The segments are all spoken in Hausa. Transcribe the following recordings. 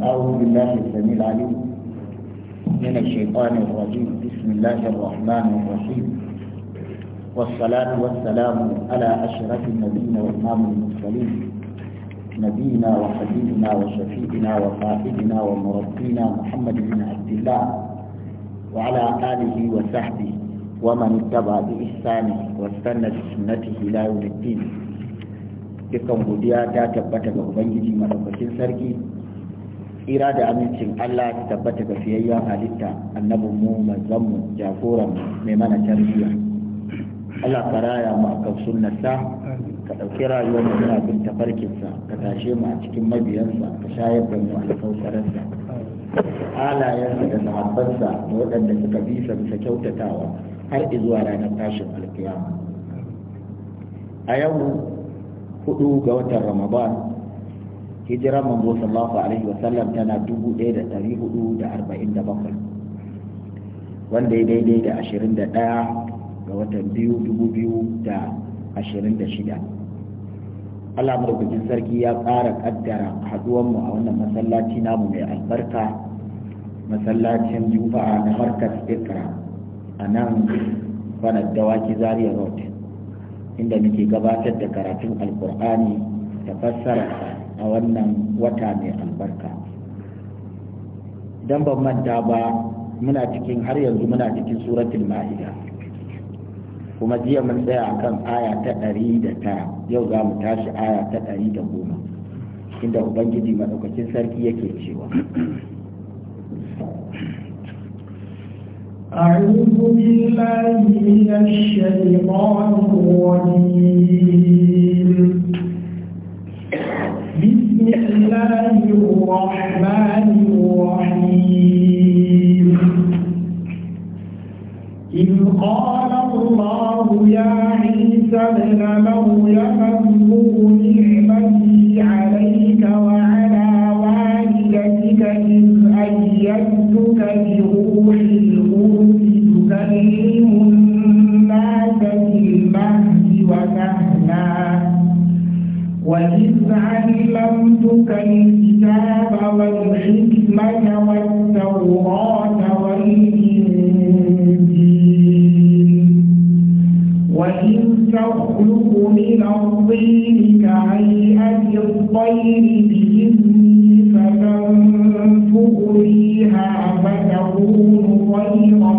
أعوذ بالله السميع العليم من الشيطان الرجيم بسم الله الرحمن الرحيم والصلاة والسلام على أشرف النبيين وإمام المرسلين نبينا وحبيبنا وشفيعنا وقائدنا ومربينا محمد بن عبد الله وعلى آله وصحبه ومن اتبع بإحسانه واستنى بسنته إلى يوم الدين dukan godiya ta tabbata ga ubangiji madaukakin sarki Hira da amincin Allah ta tabbata ga fiyayyen halitta annabin mu manzon mu mai mana tarbiyya Allah ka raya mu akan sunnarsa ka ɗauki rayuwar mu muna bin tafarkinsa ka tashe mu a cikin mabiyansa ka shayar da mu alkautararsa halayensa da sahabbansa da waɗanda suka bi sa bisa kyautatawa har izuwa ranar tashin alkiyama a yau hudu ga watan ramadan hijirar manzo sallallahu alaihi sallam tana 1447 wanda ya daidai da 21 ga watan biyu 2026 Allah madaukakin sarki ya ƙara ƙaddara haɗuwanmu a wannan masallaci namu mai albarka masallacin jufa'a na markas ikra a nan banar dawaki zaria road inda muke gabatar da karatun alkur'ani da fassara a wannan wata mai albarka don ban manta ba muna cikin har yanzu muna cikin suratul ma'ida kuma jiya mun tsaya akan aya ta ɗari da ta yau za mu tashi aya ta ɗari da goma inda ubangiji maɗaukakin sarki yake cewa أعوذ بالله من الشيطان الرجيم الله الرحمن الرحيم إذ قال الله يا عيسى ابن مريم اذكر نعمتي عليك وعلى والدتك إذ أيدتك بروح آتيتك الكتاب والحكمة والتوراة والإنجيل وإن تخلق من الطين كهيئة الطير بإذني فتنفخ فيها فتكون طيرا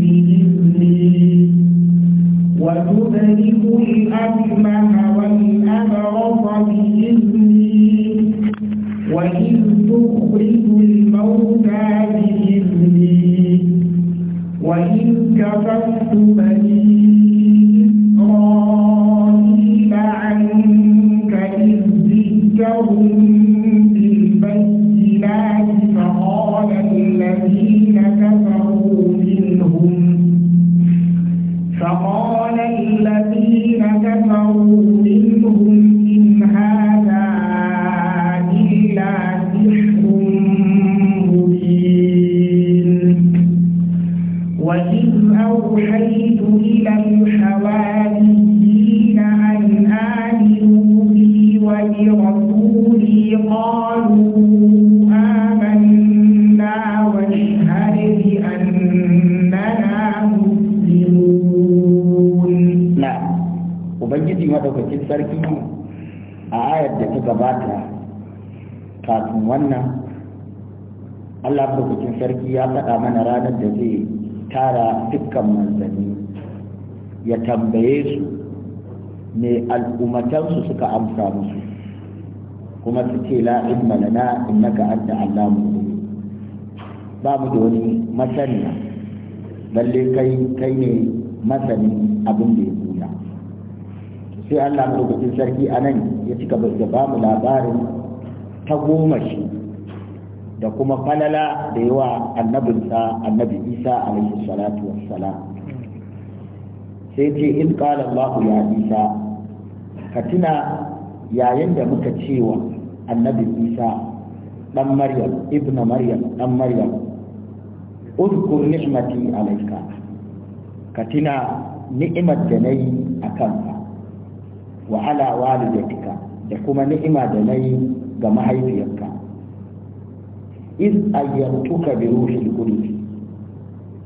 بإذني وتبرئ الأكمه والأبرص بإذني تخرج الموتى بإذني وإن كفرت من sarki ya faɗa mana ranar da zai tara dukkan manzanni ya tambaye su me al'ummatansu suka amsa musu kuma su ce la'in malana lana innaka anta allamu ba mu da wani masaniya lalle kai kai ne masani abin da ya nuna sai Allah madaukakin sarki anan ya cika da ba mu labarin ta goma shi da kuma falala da yawa annabinsa annabi isa alaihi salatu wassalam sai ce in qala allah ya isa ka tuna yayin da muka cewa annabi isa dan maryam ibn maryam dan maryam udkur ni'mati alayka ka tuna ni'imar da nayi akan ka wa ala walidatika da kuma ni'ima da nayi ga mahaifiyarka iz ayyantuka bi ruhil qudus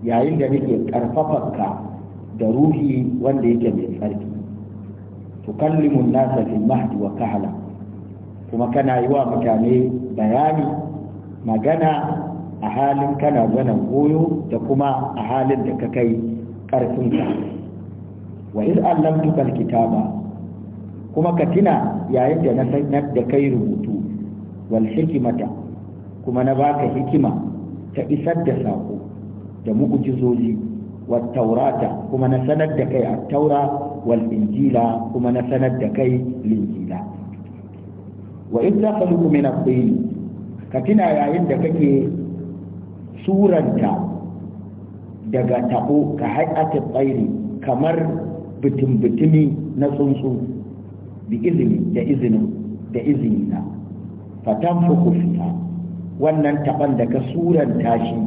yayin da nake karfafanka da ruhi wanda yake mai tsarki tukallimu nasa fil mahdi wa kahla kuma kana yi wa mutane bayani magana a halin kana zanen goyo da kuma a halin da ka kai ƙarfinka wa iz allamtuka alkitaba kuma ka tina yayin da na sanar da kai rubutu wal hikimata kuma na baka hikima ta isar da saƙo da mu'jizoji wa taurata kuma na sanar da kai a taura wal injila kuma na sanar da kai linjila wa in za ka hukumi na ka tuna yayin da kake suranta daga taɓo ka haƙata tsairi kamar bitin-bitimi na tsuntsu izini da izinin da izinina fatan fuku wannan taban da ka suranta tashi,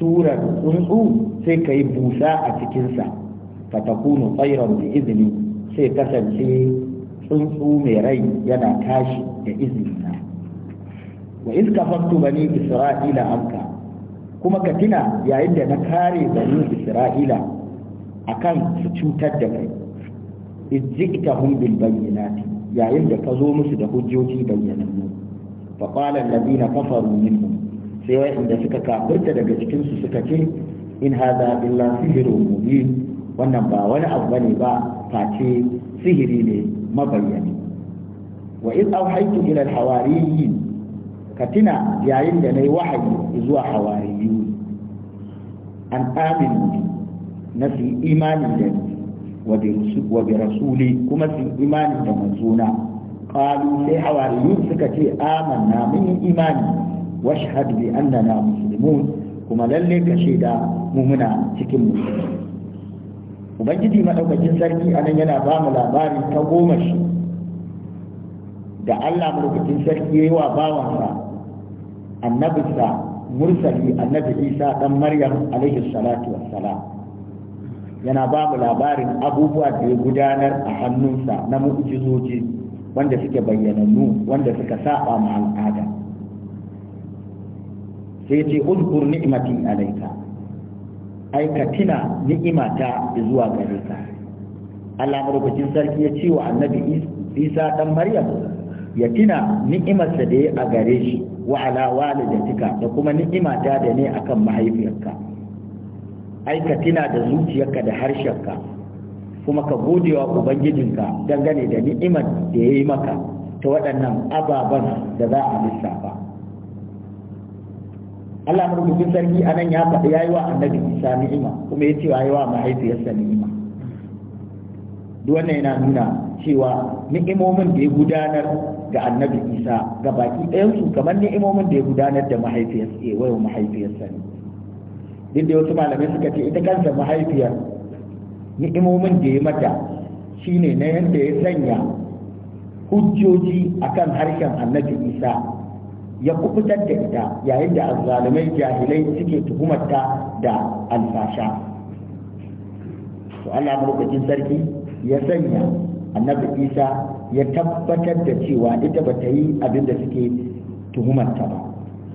surar tsuntsu sai ka yi busa a cikinsa fatakunu tsairan da izini sai kasance tsuntsu mai rai yana tashi da izini wa iska fattu bani isra'ila Amka. kuma ka tuna yayin da na kare bani isra'ila akan su cutar da kai izikta hum bil yayin da ka zo musu da hujjoji bayyanannu fa na alladhina kafaru minhum sai wa'inda suka kafirta daga cikin su suka ce in hadha illa sihrun mubin wannan ba wani abu bane ba face sihiri ne mabayyani wa in auhaitu ila alhawariyin katina yayin da nayi wahayi zuwa hawariyun an aminu na su imani da wa bi rasuli kuma su imani da manzuna qalu sai hawariyun suka ce amanna mun yi imani washhad bi annana muslimun kuma lalle ka shaida mu muna cikin musulmi ubangiji madaukakin sarki anan yana ba mu labari ta goma shi da Allah madaukakin sarki yayi wa bawansa annabinsa mursali annabi Isa dan Maryam alaihi salatu wassalam yana ba mu labarin abubuwa da ya gudanar a hannunsa na mu'jizoji wanda suke bayyanannu wanda suka saba ma al'ada sai ce uzkur ni'mati alayka ai ka tina ni'imata zuwa gare ka Allah madaukakin sarki ya ce wa annabi Isa dan Maryam ya tina ni'imarsa da ya a gare shi wa ala walidatika da kuma ni'imata da ne akan mahaifiyarka ai ka tina da zuciyarka da harshenka kuma ka gode wa ubangijinka dangane da ni'imar da ya yi maka ta waɗannan ababen da za a lissafa Allah marubucin sarki a nan ya faɗi ya yi wa annabi isa ni'ima kuma ya ce wa yi wa mahaifiyarsa ni'ima duk wannan yana nuna cewa ni'imomin da ya gudanar ga annabi isa ga baki ɗayansu kamar ni'imomin da ya gudanar da mahaifiyarsa ne duk da wasu malamai suka ce ita kansa mahaifiyar ni'imomin da ya mata shi ne na yadda ya sanya hujjoji a kan harshen annabi isa ya kubutar da ita yayin da azalumai jahilai suke tuhumarta da alfasha to Allah lokacin sarki ya sanya annabi Isa ya tabbatar da cewa ita ba ta yi abin da suke tuhumarta ba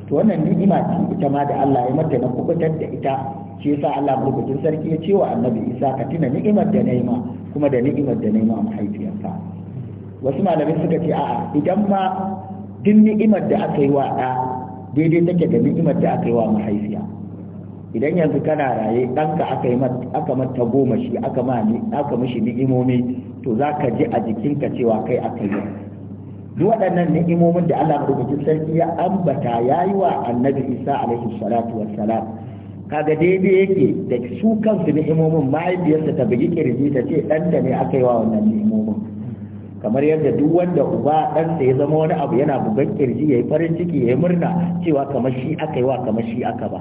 to wannan ni'ima ce ita ma da Allah ya mata na kubutar da ita shi yasa Allah madaukakin sarki ya ce wa annabi Isa ka tuna ni'imar da naima kuma da ni'imar da naima mahaifiyarka wasu malamai suka ce a'a idan ma duk ni'imar da aka yi wa ɗa daidai take da ni'imar da aka yi wa mahaifiya idan yanzu kana raye ɗanka aka yi aka mata goma shi aka ma aka mishi ni'imomi to za ka ji a jikinka cewa kai aka yi duk waɗannan ni'imomin da Allah madaukakin sarki ya ambata yayi wa annabi Isa alaihi salatu wassalam kaga daidai yake da su kansu ni'imomin mahaifiyarsa ta bugi kirji ta ce ɗanta ne aka yi wa wannan ni'imomin kamar yadda duk wanda uba ɗansa ya zama wani abu yana bugan kirji ya yi farin ciki ya yi murna cewa kamar shi aka yi wa kamar shi aka ba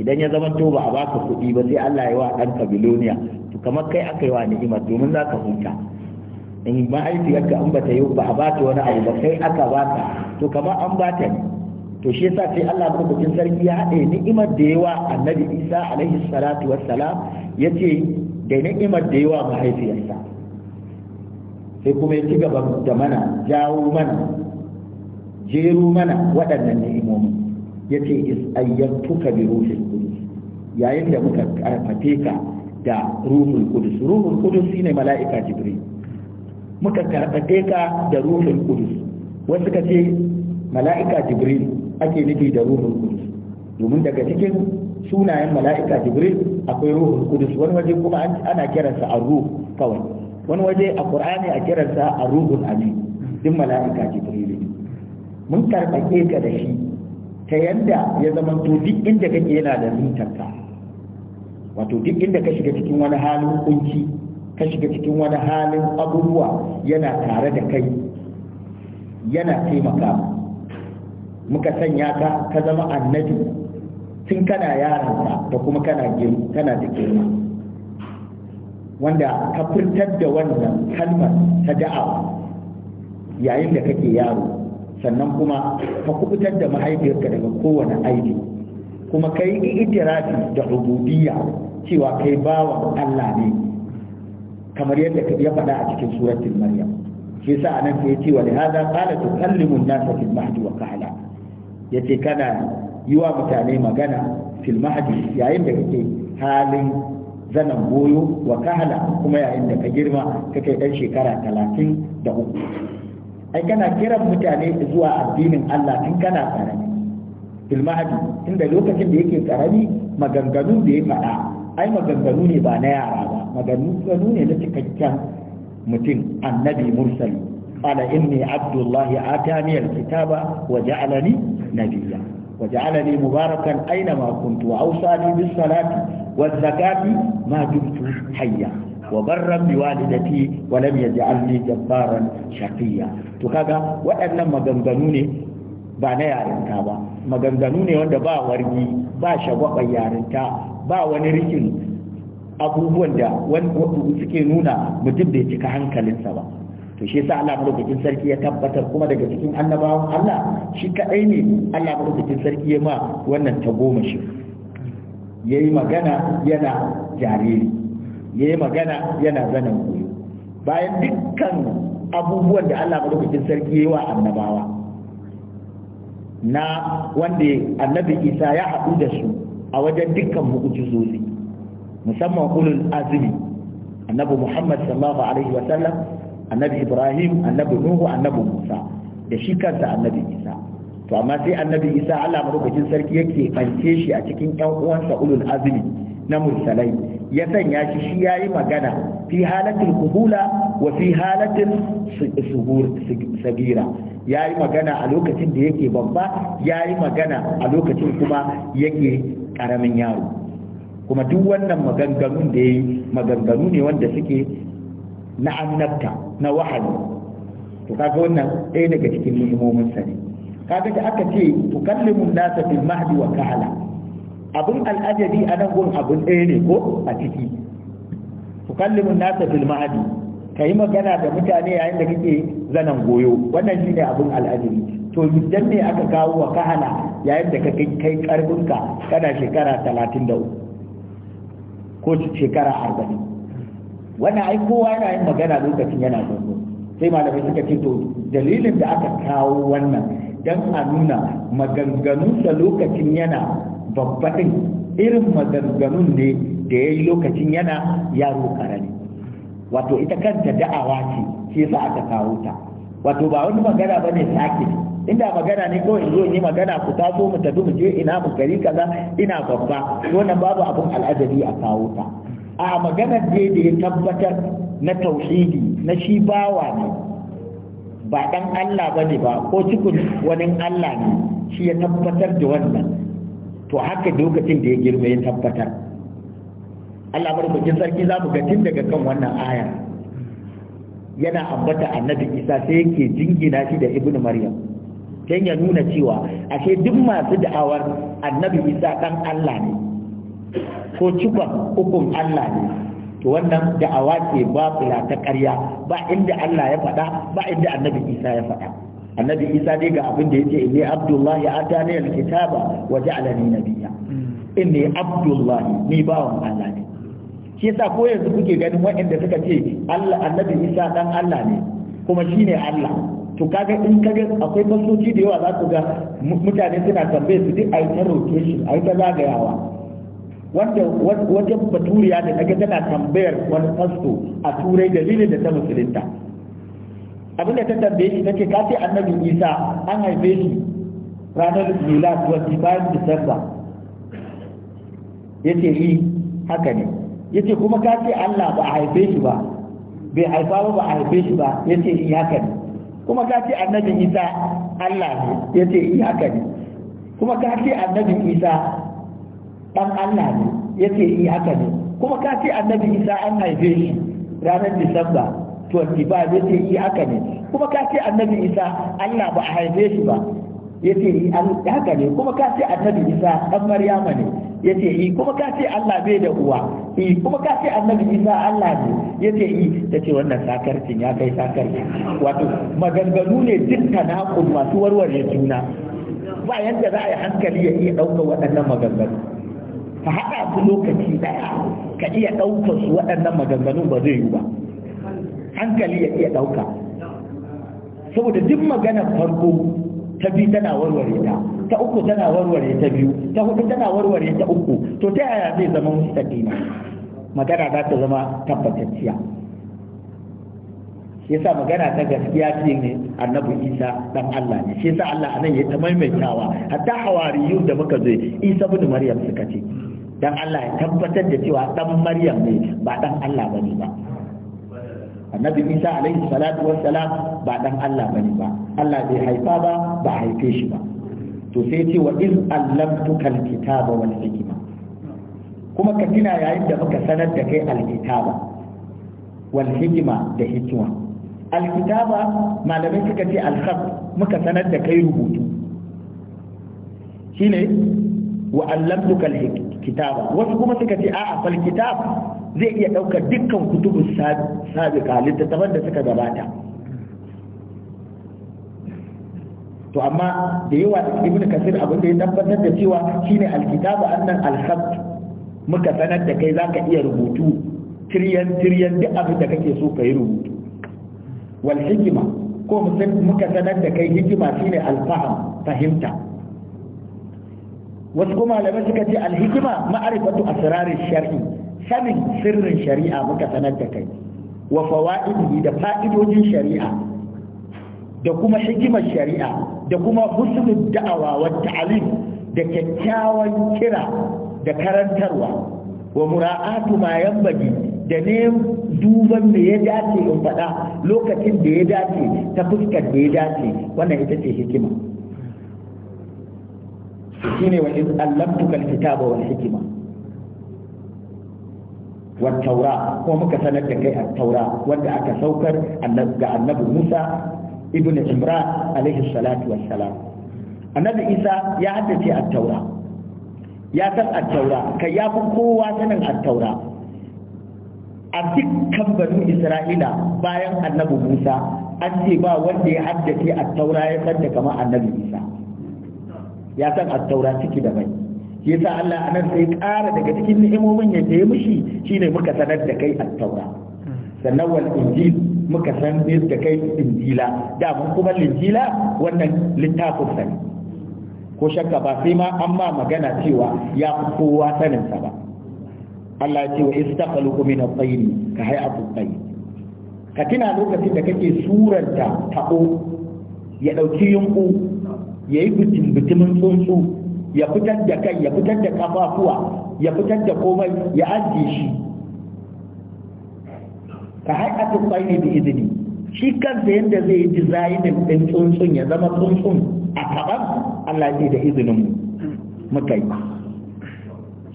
idan ya zama to ba a baka kuɗi ba sai Allah ya wa ɗanka biloniya to kamar kai aka yi wa ni'ima domin za ka huta in mahaifiyarka in ba ta yi ba a bata wani abu ba kai aka baka to kamar an bata ne to shi yasa sai Allah madaukakin sarki ya haɗe ni'imar da yawa annabi Isa alaihi salatu wassalam yace da ni'imar da yawa mahaifiyarsa sai kuma ya ci gaba da mana jawo mana jeru mana waɗannan ni'imomi yace is ayyatuka bi ruhil qudus yayin da muka karfafe ka da ruhul qudus ruhul qudus shine mala'ika jibril muka karfafe ka da ruhul qudus wasu ka ce mala'ika jibril ake nufi da ruhul kudus domin daga cikin sunayen mala'ika jibril akwai ruhul kudus wani waje kuma ana kiransa ar-ruh kawai wani waje a qur'ani a kiransa ar-ruhul amin din mala'ika jibril mun karɓe ka da shi ta yanda ya zama to duk inda kake yana da mintaka, wato duk inda ka shiga cikin wani halin kunci ka shiga cikin wani halin abubuwa yana tare da kai yana taimaka muka sanya ka ka zama annabi tun kana yaransa da kuma kana kana da girma wanda ka furtar da wannan kalmar ta da'awa yayin da kake yaro sannan kuma ka kubutar da mahaifiyarka daga kowane aiki, kuma ka yi itirafi da rububiyya cewa kai Bawa Allah ne kamar yadda ka ya faɗa a cikin suratul maryam shi yasa anan sai ya ce wa lihada qala tukallimu an-nasa fil mahdi wa qala yace kana yi wa mutane magana fil mahdi yayin da kake halin zanen goyo wa kahala kuma yayin da ka girma kake dan shekara talatin da uku ai kana kiran mutane zuwa addinin Allah tun kana karami fil inda lokacin da yake karami maganganu da ya faɗa ai maganganu ne ba na yara ba maganganu ne na cikakken mutum annabi mursali ala inni abdullahi atani kitaba wa ja'alani نبيا وجعلني مباركا أينما كنت وأوصاني بالصلاة والزكاة ما دمت حيا وبرا بوالدتي ولم يجعلني جبارا شقيا تكاغا وأنا مغنغنوني ba na yarinta ba maganganu ne wanda ba wargi ba shagwabar yarinta ba wani rikin abubuwan da suke nuna mutum bai cika hankalinsa ba to shi yasa Allah madaukakin sarki ya tabbatar kuma daga cikin annabawan Allah shi kadai ne Allah madaukakin sarki ya ma wannan shi yayi magana yana jariri yayi magana yana zanen koyo bayan dukkan abubuwan da Allah madaukakin sarki ya wa annabawa na wanda annabi Isa ya haɗu da su a wajen dukkan mu'ujizozi musamman ulul azumi annabi Muhammad sallallahu alaihi wa sallam annabi ibrahim annabi nuhu annabi musa da shi kansa annabi isa to amma sai annabi isa allah madaukakin sarki yake bance shi a cikin yan uwansa ulul azmi na mursalai ya sanya shi shi yayi magana fi halatil qubula wa fi halatil suhur sagira yayi magana a lokacin da yake babba yayi magana a lokacin kuma yake karamin yaro kuma duk wannan maganganun da yayi maganganu ne wanda suke na annabta na wahayi to kaga wannan ɗaya daga cikin muhimmomin sa ne kaga da aka ce tukallimu nasa fil mahdi wa kahala abun al'ajabi a nan gun abun ɗaya ne ko a ciki tukallimu nasa fil mahdi kai magana da mutane yayin da kake zanan goyo wannan shine abun al'ajabi to idan ne aka kawo wa kahala yayin da kake kai karbinka kana shekara 33 ko shekara 40 wannan ai kowa yana yin magana lokacin yana zango sai malamai suka ce to dalilin da aka kawo wannan Dan a nuna maganganun sa lokacin yana babbaɗin irin maganganun ne da ya yi lokacin yana yaro karami wato ita kanta da'awa ce shi sa aka kawo ta wato ba wani magana bane sake inda magana ne ko in zo in yi magana ku taso mu tafi mu je ina mu gari kaza ina babba wannan babu abun al'ajabi a kawo ta a maganar da ya tabbatar na tauhidi na shi bawa ne ba dan Allah ba ne ba ko cikin wani Allah ne shi ya tabbatar da wannan to haka lokacin da ya girma ya tabbatar Allah barkokin sarki za mu ga daga kan wannan aya yana ambata annabi isa sai yake jingina shi da ibnu maryam don ya nuna cewa ashe duk masu da'awar annabi isa ɗan Allah ne ko cuka ukun Allah ne to wannan da'awa ce fila ta ƙarya ba inda Allah ya faɗa ba inda annabi Isa ya faɗa annabi Isa dai ga abin da yake inni abdullahi atani alkitaba wa ja'alani nabiyya inni abdullahi ni bawan Allah ne shi yasa ko yanzu kuke ganin waɗanda suka ce Allah annabi Isa dan Allah ne kuma shine Allah to kaga in kaga akwai fasoci da yawa za ku ga mutane suna tambaye su duk yi ta rotation yi ta zagayawa wanda wajen baturiya da naga tana tambayar wani fasto a turai dalilin da ta musulunta abinda ta tambaye shi take ka ce annabi isa an haife shi ranar milad 25 disamba ya ce yi eh, haka ne ya ce kuma ka ce allah ba a haife shi ba bai haifa ba ba a haife shi ba ya ce yi eh, haka ne kuma ka ce annabi isa allah ne ya ce yi eh, haka ne kuma ka ce annabi isa dan Allah ne yake yi eh, haka ne kuma ka ce annabi Isa an haife shi ranar Disamba 25 yake yi haka ne kuma ka ce annabi Isa Allah ba a haife shi ba yake yi eh, haka ne kuma ka ce annabi Isa dan Maryama ne yake yi eh, kuma ka ce Allah bai da uwa yi kuma ka ce annabi Isa Allah ne yake yi tace wannan sakarcin ya kai sakarci wato maganganu ne dukkan hakun masu warware juna ba yadda za a yi hankali ya iya ɗaukar waɗannan maganganu ka haɗa su lokaci ɗaya ka iya ɗauka su waɗannan maganganun ba zai yi ba hankali ya iya ɗauka saboda duk maganar farko ta biyu tana warware ta ta uku tana warware ta biyu ta hudu tana warware ta uku to ta yaya zai zama mustaqima magana za ta zama tabbatacciya yasa magana ta gaskiya ce ne annabi isa dan allah ne shi yasa allah anan ya ta maimaitawa hatta hawariyu da muka zo isa bin maryam suka ce dan Allah ya tabbatar da cewa dan Maryam ne ba dan Allah bane ba annabi Isa alaihi salatu wassalam ba dan Allah bane ba Allah bai haifa ba ba haife shi ba to sai ce wa iz allamtuka alkitaba wal hikma kuma ka tuna yayin da muka sanar da kai alkitaba wal hikma da hikima alkitaba malamai suka ce alkhab muka sanar da kai rubutu shine wa allamtuka alhikma kitaba wasu kuma suka ce a'a fal kitab zai iya ɗaukar dukkan kutubus sabiqa littattafan da suka gabata to amma da yawa ibn kasir abin da ya tabbatar da cewa shine alkitaba annan alkhabt muka sanar da kai zaka iya rubutu tiryan tiryan duk abin da kake so kai rubutu wal hikima ko muka sanar da kai hikima shine alfaham fahimta wasu kuma malamai suka ce alhikima ma'arifatu asrarin shar'i sanin sirrin shari'a muka sanar da kai wa fawa'idihi da fa'idojin shari'a da kuma hikimar shari'a da kuma husnul da'awa wa ta'alim da kyakkyawan kira da karantarwa wa mura'atu ma yambaji da ne duban da ya dace in faɗa lokacin da ya dace ta fuskar da ya dace wannan ita ce hikima shine wa iz allamtuka alkitaba wal hikma wat taura ko muka sanar da kai at taura wanda aka saukar ga annabi Musa ibn Imran alaihi salatu wassalam annabi Isa ya haddace at taura ya san at taura kai ya fi kowa sanin at taura a dukkan banu Isra'ila bayan annabi Musa an ce ba wanda ya haddace at taura ya san da kamar annabi Isa ya san attaura ciki da bai yasa Allah anan sai ƙara daga cikin ni'imomin ya je mishi shine muka sanar da kai attaura sannan wal injil muka san da kai injila da mun kuma injila wannan littafin sani ko shakka ba sai ma amma magana cewa ya fi kowa sanin sa ba Allah ya ce wa istaqalu min at-tayr ka hay'atu at-tayr ka tuna lokacin da kake suranta tabo ya dauki yunku ya yi bitimin tsuntsu ya fitar da kai ya fitar da kafafuwa ya fitar da komai ya ajiye shi ka haikatu kwaini da izini shi kansa yadda zai yi dizainin ɗin tsuntsun ya zama tsuntsun a kaɓar Allah ne da izinin mu kai.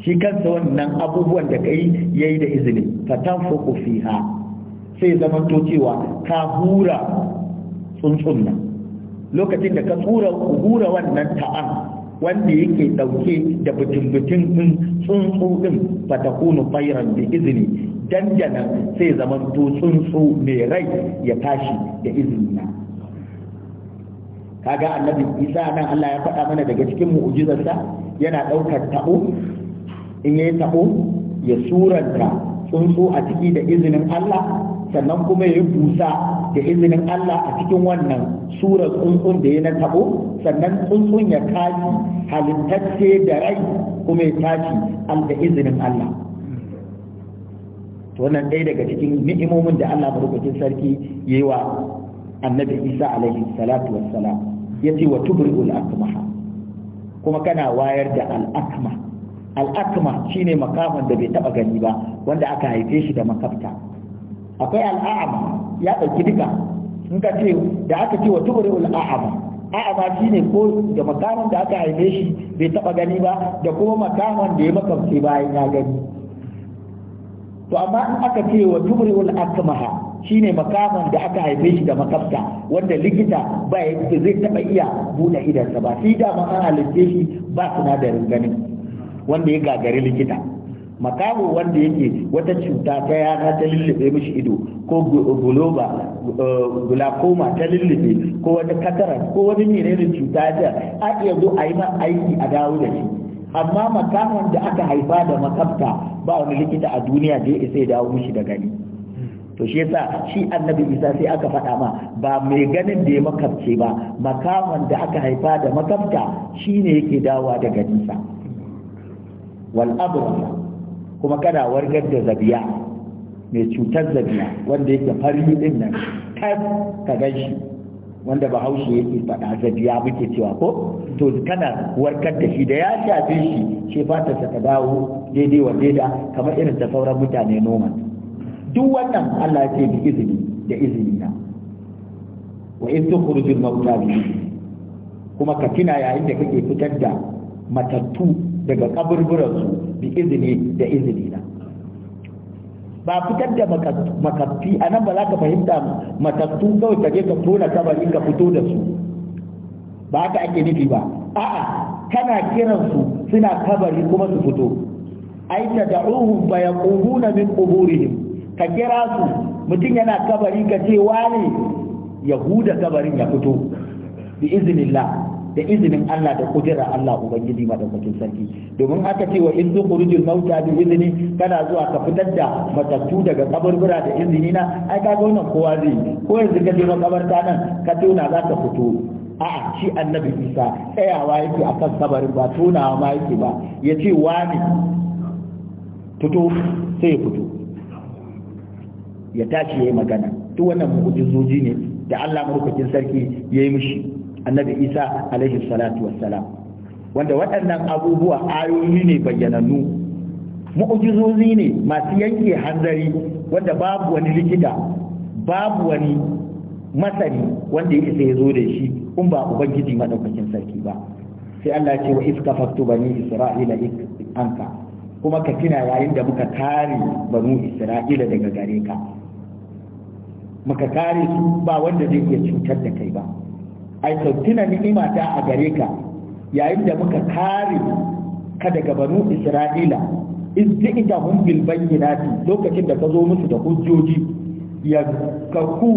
shi kansa wannan abubuwan da ka yi ya yi da izini fatan fuku fiha sai zama to cewa ka hura tsuntsun nan lokacin da ka tsura hura wannan ta'am wanda yake dauke da butun-butun din tsuntsu din fatakunu bayran da izini dandana sai zaman to tsuntsu mai rai ya tashi da izini na kaga annabi isa nan Allah ya faɗa mana daga cikin mu'jizarsa yana ɗaukar tabo in yayi tabo ya suranta tsuntsu a ciki da izinin Allah sannan kuma ya yi busa da izinin Allah a cikin wannan sura tsuntsun da ya na tabo sannan tsuntsun ya tashi halittacce da rai kuma ya tashi da izinin Allah to wannan ɗaya daga cikin ni'imomin da Allah barukacin sarki ya yi wa annabi Isa alaihi salatu wassalam ce wa tubri'ul akmaha kuma kana wayar da al'akma al'akma shine makaman da bai taɓa gani ba wanda aka haife shi da makafta akwai al'a'ama ya ɗauki duka in ka ce da aka ce wa tubri al'a'ama a'ama shine ko da makaman da aka haife shi bai taɓa gani ba da kuma makaman da ya makamce bayan ya gani to amma in aka ce wa tubri shi shine makaman da aka haife shi da makafta wanda likita ba zai taɓa iya buɗe idansa ba sai da ma an shi ba sinadarin ganin wanda ya gagari likita makaho wanda yake wata cuta ta yara ta lullube mishi ido ko guloba uh, glaucoma ta lullube ko wata katara ko wani menene cuta ta a iya zo a yi ma aiki a dawo da shi amma makahon da aka haifa da makafta ba wani likita a duniya da ya isa ya dawo mishi da gani to shi yasa shi annabi isa sai aka faɗa ma ba mai ganin da ya makabce ba makamun da aka haifa da makabta shine yake dawowa da ganinsa wal abra kuma kana warkar da zabiya mai cutar zabiya wanda yake fari din nan kai ka gan shi wanda bahaushe yake faɗa zabiya muke cewa ko to kana warkar da shi da ya shafe shi ce fata ta dawo daidai wa daida kamar irin ta sauran mutane noma duk wannan Allah ce bi izini da izini na wa in tukhrujul mauta bi kuma ka tina yayin da kake fitar da matattu daga kaburburansu bi izini da izini na ba fitar da makaffi a nan ba za ka fahimta matattu kawai ka je ka tona kabari ka fito da su ba haka ake nufi ba a'a kana kiransu suna kabari kuma su fito ai ta da'uhum fa yaquluna min quburihim ka kira su mutum yana kabari ka ce wani yahuda kabarin ya fito bi iznillah da izinin Allah da kudura Allah ubangiji madaukakin sarki domin aka ce wa in zukhrujul mauta bi izini kana zuwa ka fitar da matattu daga kaburbura da izini na ai ga wannan kowa zai ko yanzu ka je makabarta nan ka tona za ka fito a'a shi annabi isa tsayawa yake a kan kabarin ba tunawa ma yake ba ya wani fito sai fito ya tashi ya magana duk wannan mu'jizoji ne da allah marukakin sarki ya yi mishi annabi isa alaihi salatu wassalam wanda waɗannan abubuwa ayoyi ne bayyanannu mu'ujizozi ne masu yanke hanzari wanda babu wani likita babu wani masani wanda ya isa ya zo da shi in ba ubangiji madaukakin sarki ba sai Allah ce wa iska faktu bani isra'ila anka kuma ka tuna yayin da muka kare banu isra'ila daga gare ka muka kare su ba wanda zai iya cutar da kai ba ai ka tuna ni'ima ta a gare ka yayin da muka kare ka daga banu isra'ila izdi'idahum bil bayyinati lokacin da ka zo musu da hujjoji ya kakku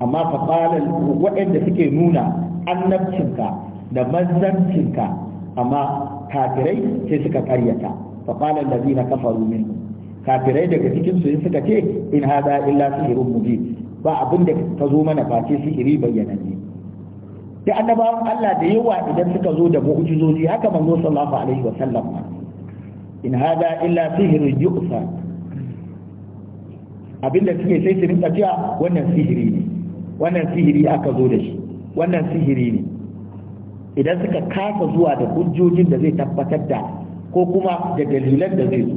amma fa qala waɗanda suke nuna ka da manzancinka amma kafirai sai suka karyata fa qala allazina kafaru min kafirai daga cikin su suka ce in hada illa sihrun mubin ba abinda ka zo mana face sihiri ne. da annabawan Allah da yawa idan suka zo da mu'jizoji haka manzo sallallahu alaihi wa sallam in hada illa sihirun yu'sa abinda suke sai su rinka cewa wannan sihiri ne wannan sihiri aka zo da shi wannan sihiri ne idan suka kasa zuwa da hujjojin da zai tabbatar da ko kuma da dalilan da zai zo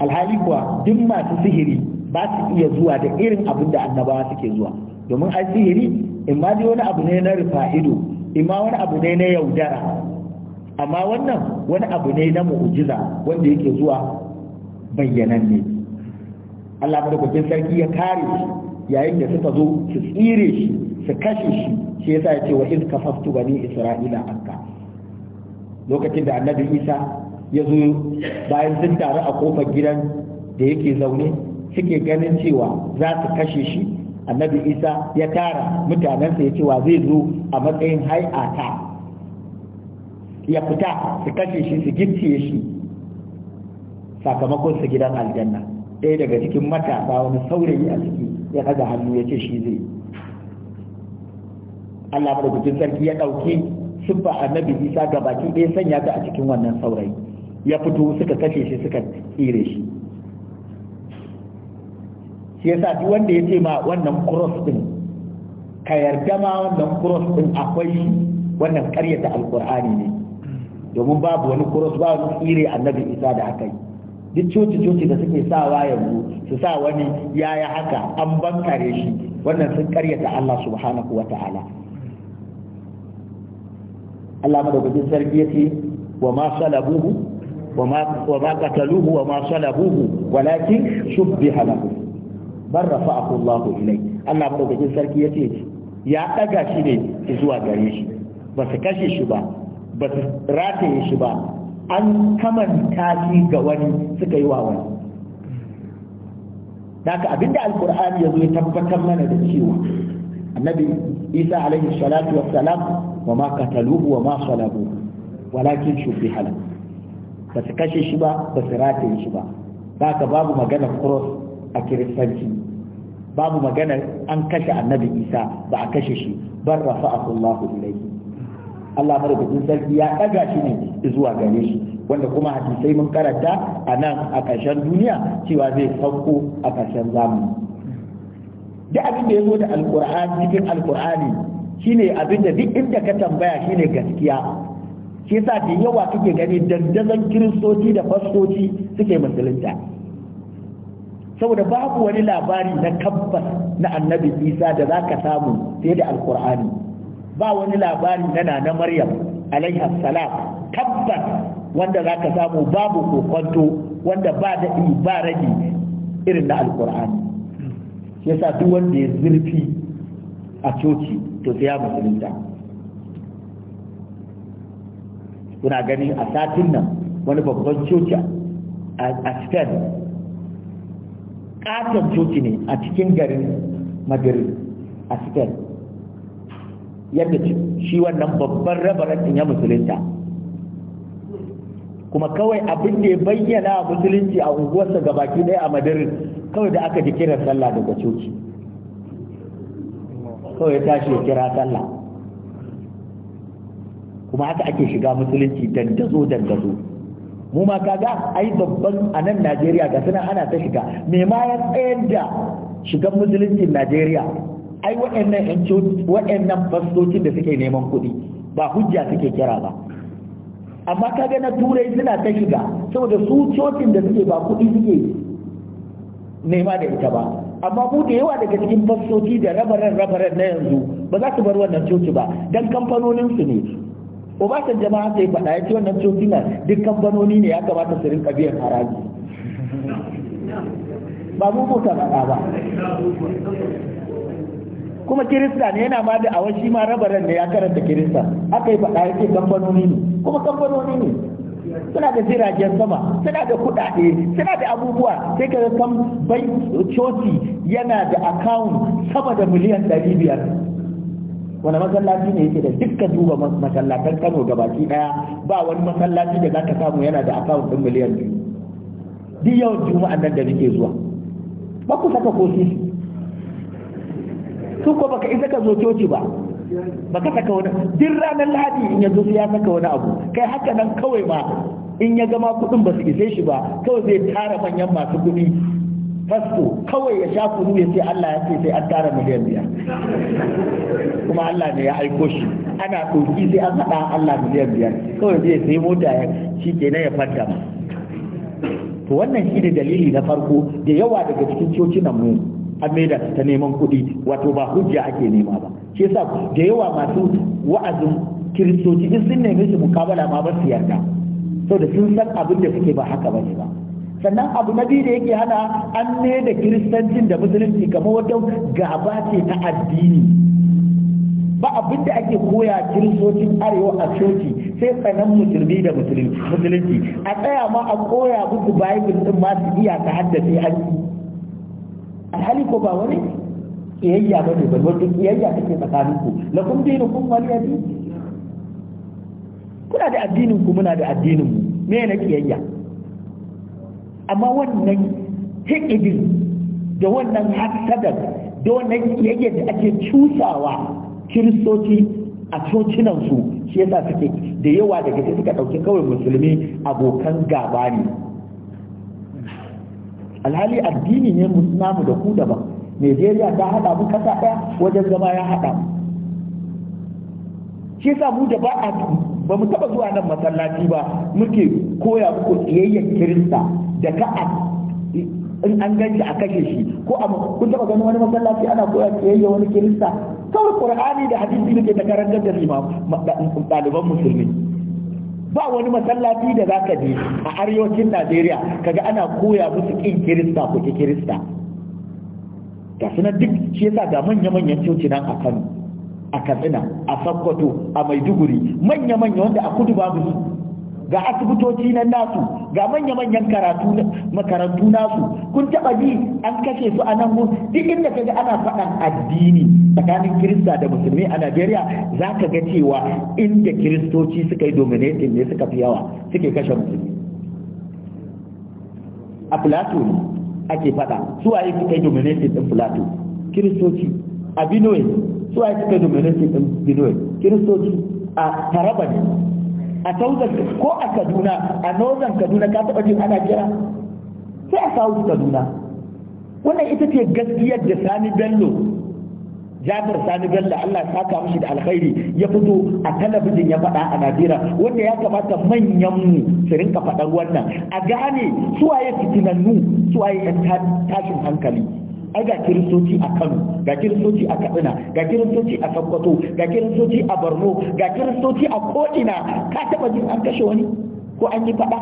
alhali kuwa duk masu sihiri ba su iya zuwa da irin abin da annabawa suke zuwa domin ai sihiri imma dai wani abu ne na rufa ido wani abu ne na yaudara amma wannan wani abu ne na mu'jiza wanda yake zuwa bayyanan ne Allah kuke sarki ya kare shi yayin da suka zo su tsire shi su kashe shi shi yasa ya ce wa iz kafaftu bani isra'ila anka lokacin da annabi Isa ya zo bayan sun taru a kofar gidan da yake zaune suke ganin cewa za su kashe shi annabi isa ya tara mutanensa ya ce wa zai zo a matsayin hai'ata ya fita su kashe shi su gicciye shi sakamakon su gidan aljanna ɗaya daga cikin matasa wani saurayi a ciki ya ɗaga hannu ya ce shi zai Allah bikin sarki ya ɗauki siffa annabi isa ga baki ɗaya sanya ta a cikin wannan saurayi ya fito suka kashe shi suka tsire shi shi yasa duk wanda ya ce ma wannan cross din ka yarda ma wannan cross din akwai wannan karyata alkur'ani ne domin babu wani cross ba wani tsire annabi isa da aka yi duk coci-coci da suke sawa yanzu su sa wani ya yi haka an bankare shi wannan sun karyata Allah subhanahu wa ta'ala Allah madaukakin sarki ya ce wa ma salabuhu wa ma qataluhu wa ma salabuhu walakin shubbiha lahu bar rafa'ahu Allahu ilai Allah madaukakin sarki ya ce ya daga shi ne zuwa gare shi ba su kashe shi ba ba su rataye shi ba an kamanta shi ga wani suka yi wa wani daga abinda alkur'ani ya zo ya tabbatar mana da cewa annabi isa alaihi salatu wassalam wa ma kataluhu wa ma salabu walakin shubbiha lahu ba su kashe shi ba ba su rataye shi ba haka babu magana cross a kiristanci babu magana an kashe annabi isa ba a kashe shi bar rafa'ahu Allah ilayhi Allah madaukakin sarki ya ɗaga shi ne zuwa gare shi wanda kuma hadisai mun karanta a nan a ƙarshen duniya cewa zai sauko a ƙarshen zamani duk abin da ya zo da alƙur'ani cikin alƙur'ani shine abin da duk inda ka tambaya shine gaskiya shi yasa da yawa kake gani dandazon kiristoci da fastoci suke musulunta saboda babu wani labari na tabbas na annabi isa da za ka samu fiye da alkur'ani ba wani labari na nana maryam alaiha salam tabbas wanda za ka samu babu kokonto wanda ba daɗi ba ragi, irin na alkur'ani yasa duk wanda ya zurfi a coci to sai ya musulunta kuna gani a satin nan wani babban coci a spain katon coci ne a cikin garin madrid a cikin yadda shi wannan babban rabarar ya musulunta kuma kawai abin da ya bayyana a musulunci a unguwarsa ga baki ɗaya a madrid kawai da aka ji kiran sallah daga coci kawai ya tashi ya kira sallah kuma haka ake shiga musulunci dandazo dandazo mu ma kaga ai babban a nan najeriya ga suna ana ta shiga me ma ya tsayar da shigan musulunci najeriya ai waɗannan waɗannan fastocin da suke neman kuɗi ba hujja suke kira ba amma kaga na turai suna ta shiga saboda su cocin da suke ba kuɗi suke nema da ita ba amma mu da yawa daga cikin fassoci da rabaran rabaran na yanzu ba za su bar wannan coci ba dan kamfanonin su ne Obasanjo jama'a sai faɗa ya ce wannan cokina duk banoni ne ya kamata su rinka biyan haraji. Ba mu ko ka faɗa ba. Kuma Kirista ne yana ma da a shi ma rabaran ne ya karanta Kirista. Aka yi faɗa ya ce kamfanoni ne. Kuma kamfanoni ne. Suna da jiragen sama, suna da kuɗaɗe, suna da abubuwa, sai ka kan bai coci yana da akawun sama da miliyan ɗari biyar. wani masallaci ne yake da dukkan duba masallatan kano gabaki daya ba wani masallaci da zaka samu yana da akawun ɗin miliyan biyu duk yawan juma'an nan da nake zuwa ba ku saka ko sisi su ko baka isa ka zo coci ba baka saka wani duk ranar lahadi in ya zo ya saka wani abu kai haka nan kawai ma in ya gama kudin ba su isa shi ba kawai zai tara manyan masu kuɗi fasto kawai ya sha kunu ya ce Allah ya ce sai an tara miliyan biyar kuma Allah ne ya aiko shi ana ɗauki sai an haɗa Allah miliyan biyar kawai zai sai mota ya shi na ya fadda to wannan shi ne dalili na farko da yawa daga cikin cocinan mu an maida ta neman kuɗi wato ba hujja ake nema ba shi yasa da yawa masu wa'azin kiristoci in sun nemi su mukabala ma ba su yarda saboda sun san abin da suke ba haka bane ba sannan abu na biyu da yake hana an ne da kiristancin da musulunci kamar wata gaba ce ta addini ba abin da ake koya kiristocin arewa a coci sai tsanan musulmi da musulunci a tsaya ma a koya musu bible din ma su iya ta haddace an alhali ko ba wani kiyayya ba ne ba wata kiyayya take tsakaninku kun wani waliyadi kuna da addinin ku muna da addinin mu me na kiyayya amma wannan hikidin da wannan hasadar da wannan yayyar da ake cusawa kiristoci a cocinansu shi yasa suke da yawa daga sai suka ɗauki kawai musulmi abokan gaba ne alhali addini ne musulmi da ku daban Najeriya ta haɗa mu ƙasa ɗaya wajen zama ya haɗa shi yasa mu da ba a ba mu taɓa zuwa nan masallaci ba muke koya muku tsiyayyen kirista da ka a in an ganci a kashe shi ko a kun taɓa ganin wani masallaci ana koya tsiyayyen wani kirista kawai qur'ani da hadisi ne ke ta karantar da limam ɗaliban musulmi ba wani masallaci da zaka je a arewacin Najeriya kaga ana koya musu kin kirista ko kirista ga sunan duk shi yasa ga manya-manyan coci nan a Kano a katsina a sakkwato a maiduguri manya-manya wanda a kudu babu su ga asibitoci na nasu ga manya-manyan karatu makarantu nasu kun taba ji an kashe su a nan mu duk inda ka ga ana faɗan addini tsakanin kirista da musulmi a najeriya za ka ga cewa inda kiristoci suka yi dominating ne suka fi yawa suke kashe musulmi a plato ne ake faɗa suwaye suka yi dominating ɗin plato kiristoci a benue su a suka dominanci ɗin bidoyi kiristoci a taraba ne a sauzan ko a kaduna a nozan kaduna ka taɓa jin ana kira sai a su kaduna wannan ita ce gaskiyar da sani bello Jafar Sani Bello Allah ya saka mishi da alkhairi ya fito a talabijin ya faɗa a Najeriya wanda ya kamata manyan mu su rinka faɗar wannan a gane suwaye fitinannu suwaye tashin hankali ai ga kiristoci a Kano ga kiristoci a Kaduna ga kiristoci a Sokoto ga kiristoci a Borno ga kiristoci a ko'ina ka taba jin an kashe wani ko an yi fada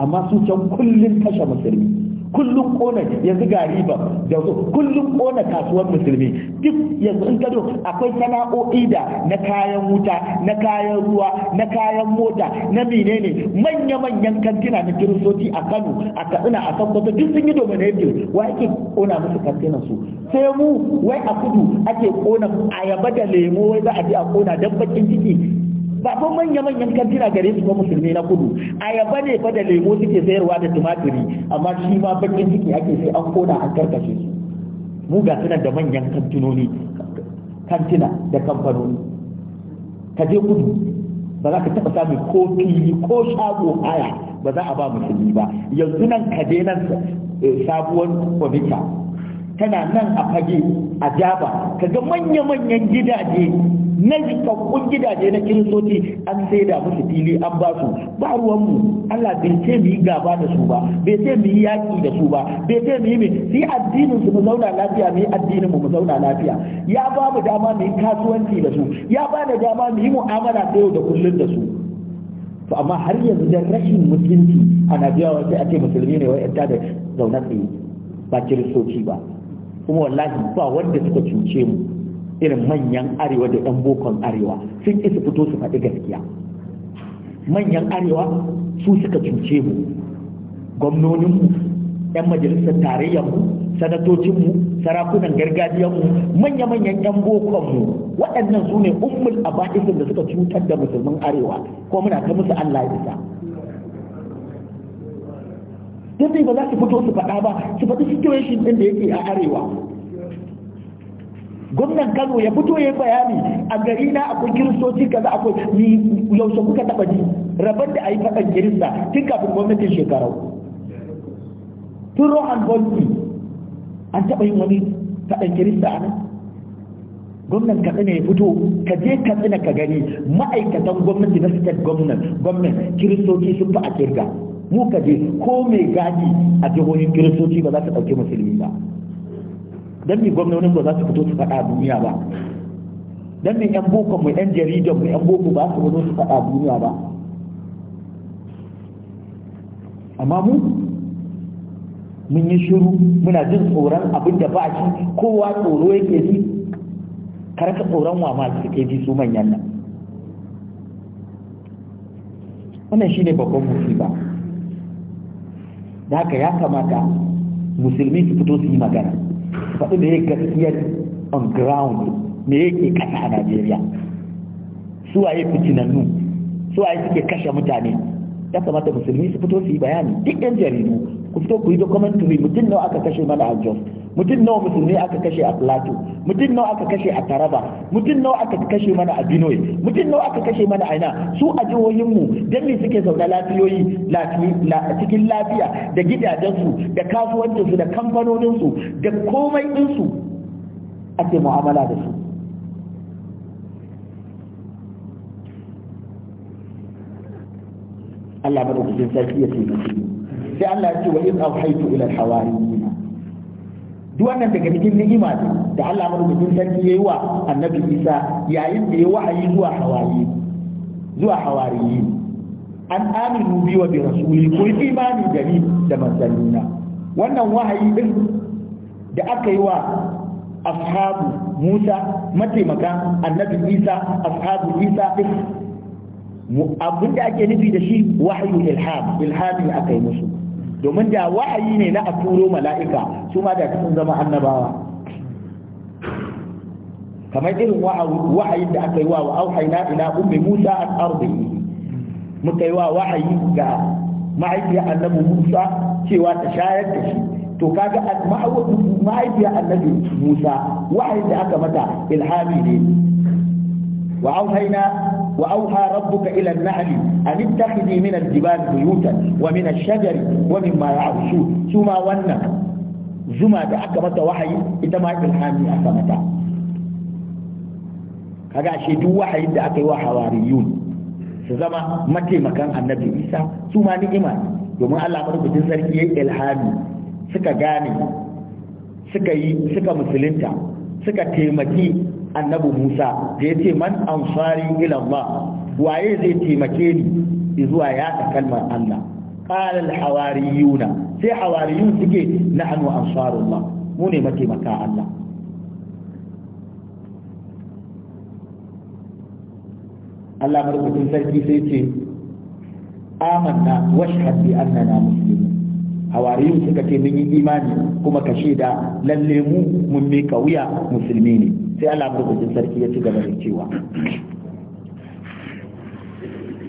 amma su can kullum kashe musulmi kullum kona yanzu ga riba yanzu kullum kona kasuwar musulmi duk yanzu in gado akwai sana'o'i da na kayan wuta na kayan ruwa na kayan mota na menene manya-manyan kantina na kiristoci a kano a katsina a sokoto duk sun yi domin dominating wa ake kona musu kantinan su sai mu wai a kudu ake kona ayaba da lemo wai za a je a kona don bakin ciki ba ko manya manyan kantina gare su ko musulmi na kudu ayaba ne fa da lemo suke sayarwa da tumaturi amma shi ma bakin ciki ake sai an koda an karkashe su mu ga suna da manyan kantinoni kantina da kamfanoni ka je kudu ba za ka taba sami ko fili ko shago haya ba za a ba musulmi ba yanzu nan ka je nan eh, sabuwar kwamita tana nan a fage a jaba ka ga manya-manyan gidaje na jikakkun gidaje na kiristoci an da musu fili an ba su ba ruwanmu Allah bai ce mu yi gaba da su ba bai ce mu yi yaƙi da su ba bai ce mu yi mai sai addinin su mu zauna lafiya mu yi addinin mu mu zauna lafiya ya ba mu dama mu yi kasuwanci da su ya ba da dama mu yi mu'amala ta yau da kullum da su to amma har yanzu da rashin mutunci a Najeriya sai ake musulmi ne wai ta da zaune tsaye ba kiristoci ba kuma wallahi ba wanda suka cuce mu irin manyan arewa da ɗan bokon arewa sun isa fito su faɗi gaskiya manyan arewa su suka cuce mu gwamnoninmu 'yan majalisar tarayyar sanatocin sanatocinmu sarakunan gargajiyar mu, manya-manyan 'yan mu. waɗannan su ne ummul aba'isin da suka cutar da musulmin arewa ko muna ta musu allah isa duk ba za su fito su faɗa ba su faɗi situation ɗin da yake a arewa gwamnan kano ya fito ya bayani a gari na akwai kiristoci kaza akwai yaushe kuka taba ji rabar da a yi faɗan kirista tun kafin gwamnatin shekarau tun rohan bonki an taɓa yin wani faɗan kirista a nan gwamnan katsina ya fito ka je katsina ka gani ma'aikatan gwamnati na state gwamnan gwamnan kiristoci sun fi a kirga mu ka je ko mai gadi a jihohin kiristoci ba za su ɗauki musulmi ba dan mi gwamnonin ba za su fito su faɗa duniya ba dan mi yan boko mu yan jaridan mu yan boko ba su fito su faɗa duniya ba amma mu mun yi shiru muna jin tsoron abin da ba shi kowa tsoro yake ji karka tsoron wa ma su ke ji su manyan nan wannan shine babban ba. da haka ya kamata musulmi su fito su yi magana faɗi da ya gaskiyar on ground me yake kasa a Najeriya su waye fitinannu su waye suke kashe mutane ya kamata musulmi su fito su yi bayani duk yan jaridu ku fito ku yi documentary mutum nawa aka kashe mana a jos mutum nawa musulmi aka kashe a plateau mutum nawa aka kashe a taraba mutum nawa aka kashe mana a binoy mutum nawa aka kashe mana a ina su a jihohin mu dan me suke zauna lafiyoyi cikin lafiya da gidajensu da kasuwancinsu da kamfanoninsu da komai ɗinsu ake mu'amala da su Allah madaukakin sarki ya taimake mu sai Allah ya ce wa in awhaytu ila al-hawariyin duk wannan daga cikin ni'ima da Allah madaukakin sarki yayi wa annabi Isa yayin da ya wahayi zuwa hawariyi zuwa hawariyi an aminu bi wa bi rasuli ku imani da ni da manzalina wannan wahayi din da aka yi wa ashabu Musa mataimaka annabi Isa ashabu Isa din abin da ake nufi da shi wahayu ilham ilhami aka yi musu domin da wahayi ne na a turo mala'ika su ma da sun zama annabawa kamar irin wahayin da aka yi wa auhaina ina ummi musa an ardi muka yi wa wahayi ga mahaifiyar annabi musa cewa ta shayar da shi to kaga mahaifiyar annabi musa wahayin da aka mata ilhami ne وأوهينا وأوحى ربك إلى النعل أن اتخذي من الجبال بيوتا ومن الشجر ومما يعرشون ثم ون زما da aka mata wahayi ita ma ilhami aka mata kaga ashe duk wahayin da aka yi wa hawariyun su zama mataimakan annabi Isa su ma ni'ima domin Allah madaukakin sarki ya ilhami ka gane suka yi suka musulunta suka taimaki annabi Musa da yace man ansari ila ma, waye zai taimake ni zuwa ya ta kalmar Allah qala al hawariyuna sai hawariyun suke na nahnu ma, mu ne mataimaka Allah Allah madaukakin sarki sai ce amanna washhad bi annana muslimun hawariyu suka ce mun yi imani kuma ka shaida lalle mu mun mika wuya musulmi ne sai Allah madaukakin sarki ya ci gaba da cewa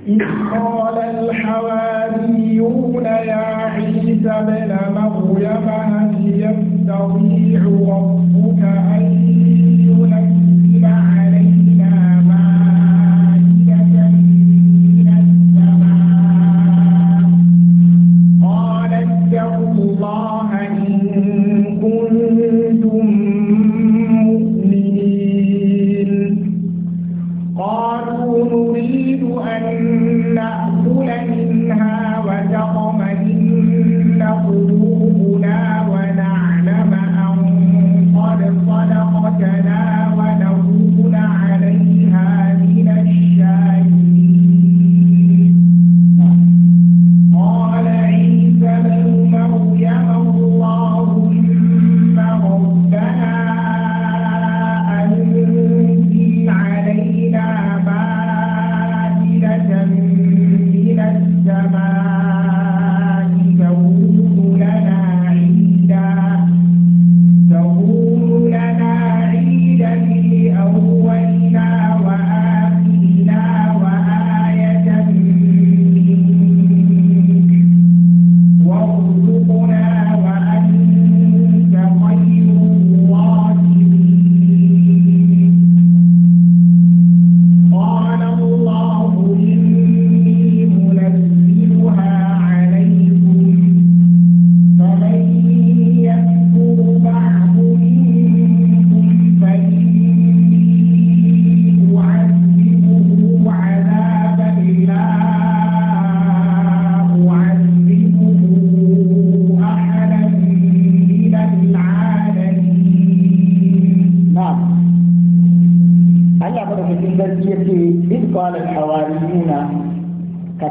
إذ قال الحواريون يا عيسى ابن مريم هل يستطيع ربك أن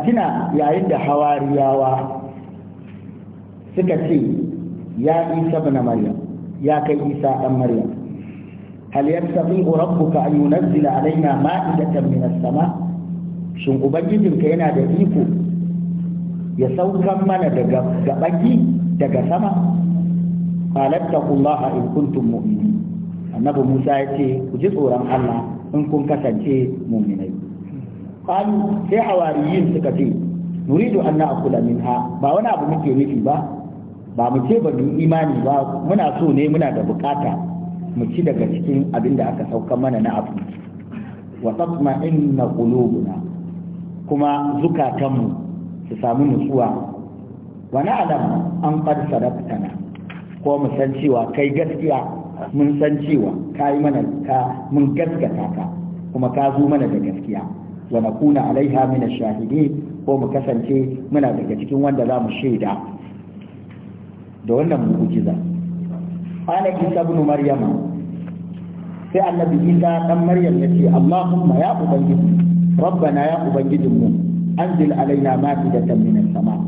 tuna yayin da hawariyawa suka ce ya isa bin maryam ya kai isa dan maryam hal yastati'u rabbuka an yunzila alaina ma'idatan min as-sama shin ubangijinka yana da iko ya saukan mana daga gabaki daga sama qalat taqullaha in kuntum mu'minin annabi Musa ya ce ku ji tsoron Allah in kun kasance mu'minai qalu sai yin suka ce nuridu an na'kula minha ba wani abu muke nufi ba ba mu ce ba imani ba muna so ne muna da bukata mu ci daga cikin abin da aka sauka mana na abu wa tasma inna qulubuna kuma zukatanmu su samu nutsuwa wa na'lam an qad sadaqtana ko mu san cewa kai gaskiya mun san cewa kai mana ka mun gaskata ka kuma ka zo mana da gaskiya wa nakuna alaiha min ash-shahidin ko mu kasance muna daga cikin wanda za mu shaida da wannan mu'jiza ana isa ibn maryama sai annabi isa dan maryam yace allahumma ya ubangiji rabbana ya ubangijinmu anzil alaina ma'idatan min as-sama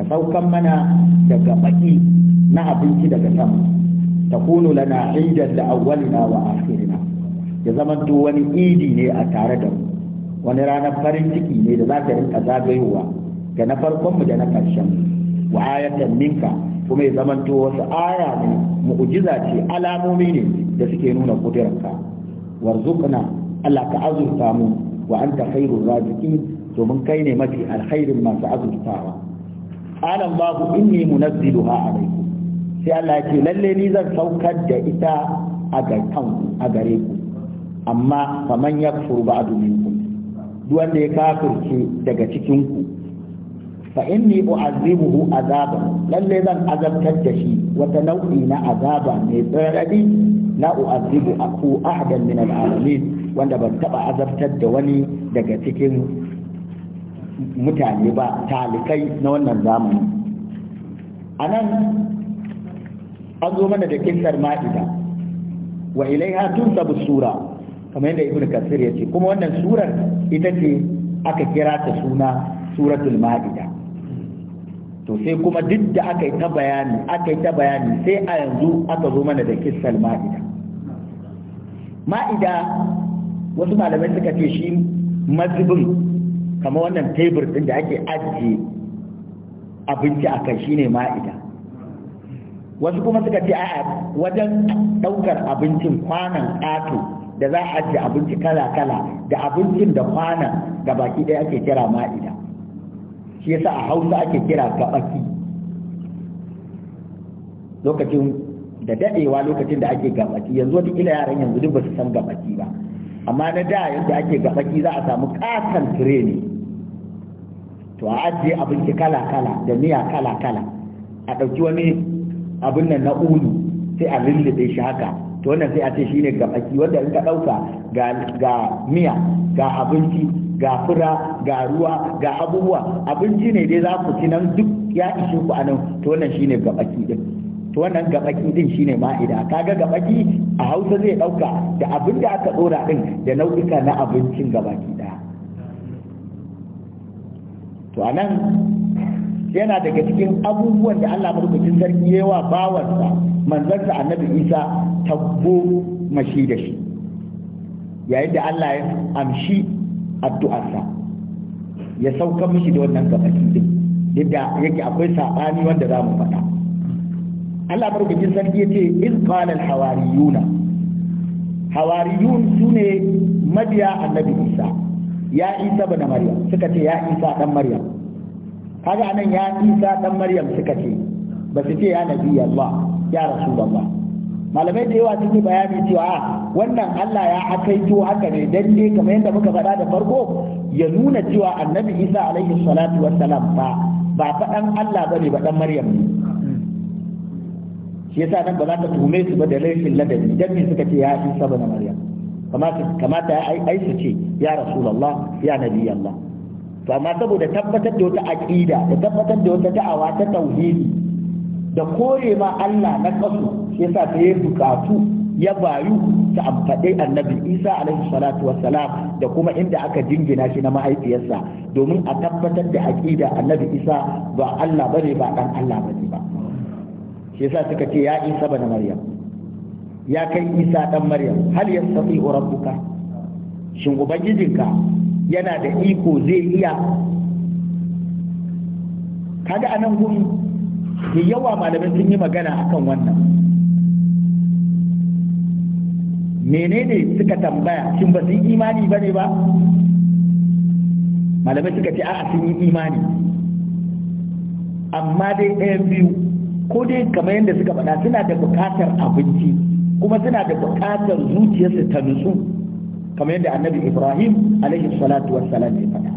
ka saukan mana daga baki na abinci daga sama takunu lana injan da awwalina wa akhirina ya zama wani idi ne a tare da mu wani ranar farin ciki ne da za ta rinka zagayowa ga na farkon mu da na karshen wa ayatan minka kuma ya zamanto wasu aya ne mu'jiza ce alamomi ne da suke nuna kudiranka warzuqna Allah ka azurta mu wa anta khairur raziqin domin kai ne mafi alkhairin masu azurtawa qala Allah inni munazziluha alaykum sai Allah ya ce lalle ni zan saukar da ita a gare ku amma faman yakfur ba'du minkum wanda ya kafirce daga cikinku? ku fa inni azaban lalle zan azabtar da shi wata nau'i na azaba mai tsaradi Na u'azibu aku ahadan min al'alamin wanda ban taba azabtar da wani daga cikin mutane ba talikai na wannan zamani anan an zo mana da kissar ma'ida wa ilaiha tunsabu sura kamar yadda ibnu kasir ya ce kuma wannan surar ita ce aka kira ta suna suratul ma'ida to sai kuma duk da aka yi ta bayani aka yi ta bayani sai a yanzu aka zo mana da kissal ma'ida ma'ida wasu malamai suka ce shi mazubin kamar wannan tebur din da ake ajiye abinci a kai shine ma'ida wasu kuma suka ce a wajen daukar abincin kwanan ƙato da za a ci abinci kala-kala da abincin da kwana da baki ɗaya ake kira ma'ida shi yasa a hausa ake kira gabaki lokacin da daɗewa lokacin da ake gabaki yanzu wata kila yaran yanzu duk ba su san gabaki ba amma na da yadda ake gabaki za a samu katon tire ne to a ajiye abinci kala-kala da miya kala-kala a ɗauki wani abin nan na ulu sai a lullube shi haka to wannan sai a ce shine gabaki wanda in ka ɗauka ga miya ga abinci ga fura ga ruwa ga abubuwa abinci ne dai za ku ci nan duk ya ishe ku a to wannan shine gabaki din to wannan baki din shine ma'ida kaga gabaki a Hausa zai ɗauka da abin da aka ɗora din da nau'ika na abincin gabaki ɗaya to anan yana daga cikin abubuwan da Allah marubucin sarki ya wa bawansa manzansa annabi Isa tabbo mashi da shi yayin da Allah ya amshi addu'arsa ya sauka mishi da wannan gabaki din yadda yake akwai saɓani wanda za mu faɗa Allah marubucin sarki ya yace iz qala al hawariyuna hawariyun sune mabiya annabi Isa ya Isa bana Maryam suka ce ya Isa dan Maryam kaga anan ya isa dan maryam suka ce ba su ce ya nabi allah ya rasulullah malamai da yawa sun yi bayani cewa ah, wannan allah ya akaito haka ne dan ne kamar yadda muka faɗa da farko ya nuna cewa annabi isa alaihi salatu wassalam ba ba faɗan allah bane ba dan maryam ne shi yasa nan ba za ta tume su ba da laifin ladabi dan me suka ce ya isa bana maryam kamata kamata ai ai su ce ya rasulullah ya nabi allah to amma saboda tabbatar da wata aqida da tabbatar da wata da'awa ta tauhidi da kore ma Allah na kasu shi yasa sai ya bukatu ya bayu ta amfade annabi Isa alaihi salatu wassalam da kuma inda aka jingina shi na mahaifiyarsa domin a tabbatar da aqida annabi Isa ba Allah bane ba dan Allah bane ba shi yasa suka ce ya Isa bana Maryam ya kai Isa dan Maryam hal yastati rabbuka shin ubangijinka yana da iko zai iya kaga a nan da yawa malamai sun yi magana akan wannan menene suka tambaya shin ba su yi imani ba ne ba malamai suka ce a'a sun yi imani amma dai ɗayan biyu ko dai kamar yadda suka faɗa suna da buƙatar abinci kuma suna da buƙatar zuciyarsu ta nutsu kamar yadda annabi ibrahim alaihi salatu wassalam ya faɗa